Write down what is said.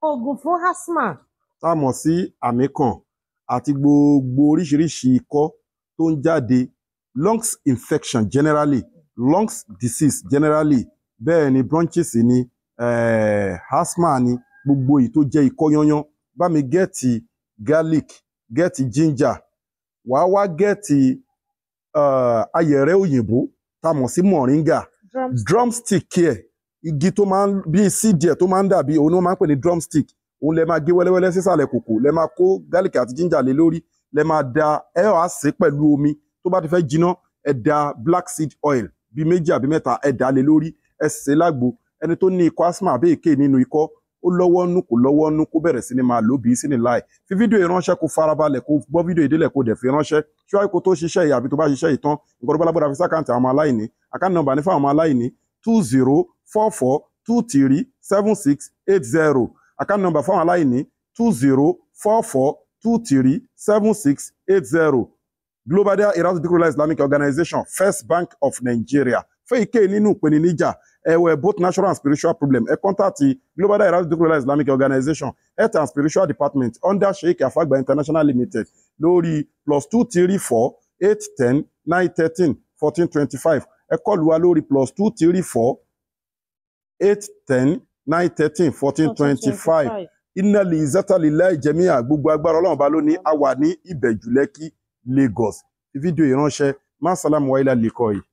oògùn fún asthma. tá a mọ̀ sí àmì kan àti gbogbo oríṣiríṣi ikọ́ tó ń jáde lungs infection generally lungs disease generally bẹ́ẹ̀ ni bronchitis ni eh, asthma ni gbogbo èyí tó jẹ́ ikọ́ yányán bá mi gẹ́ẹ̀tì garlic gẹ́ẹ̀tì ginger wàá wá gẹ́ẹ̀tì uh, eh, ayẹ̀rẹ́ òyìnbó tá a mọ̀ sí moringa drumstick here igi tó máa ń bíi síìdì ẹ̀ tó máa ń dàbí òun ni wọ́n máa ń pè ní drumstick òun lẹ máa gé wẹ́lẹ́wẹ́lẹ́ sísàlẹ̀ kòkò lẹ máa kó gálíkì àti jíńjà lé lórí lẹ máa da ẹ ọ̀ á sè pẹ̀lú omi tó bá ti fẹ́ jiná ẹ da black seed oil bíi méjì àbí mẹ́ta ẹ dà lé lórí ẹ sè lágbo ẹni tó ní ikọ́ asthma àbí èké nínú ikọ́ ó lọ́wọ́ nú kò lọ́wọ́ nú kó bẹ̀rẹ̀ sí ni máa lò bí sí ni láì fi fídíò ìránṣẹ́ kó farabalẹ̀ kó gbọ́ fídíò ìdílẹ̀ kó dẹ̀ fi ránṣẹ́ ṣíwájú kó tó ṣiṣẹ́ yìí àbí tó bá ṣiṣẹ́ yìí tán nǹkan tó bá lágbára fi sákàǹtì àwọn ọmọ aláìní àkáǹtì nọ́mbà ní fáwọn ọmọ aláìní two zero four four two three seven six eight zero account number fáwọn aláìní two zero four four two three seven six eight zero global dahiratu dhikrlahi islamic organization first bank of nigeria fún èyíkéyìí nínú ìpèníjà ẹ̀wẹ̀ both natural and spiritual problem ẹ kọ́ńtàtì global dahiratu dhikrlahi islamic organization health and spiritual department under sheikh afagba international limited lórí plus two three four eight ten nine thirteen fourteen twenty five ẹ kọlù wa lórí plus two three four eight ten nine thirteen fourteen twenty five inali zatalila ìjẹmíà gbogbo agbára ọlọ́run ba ló ní a ní ìbẹ̀jú lẹ́kì Lagos fídíò ìránṣẹ́ má sálàmù wáyé lálẹ́kọ̀ọ́ yìí.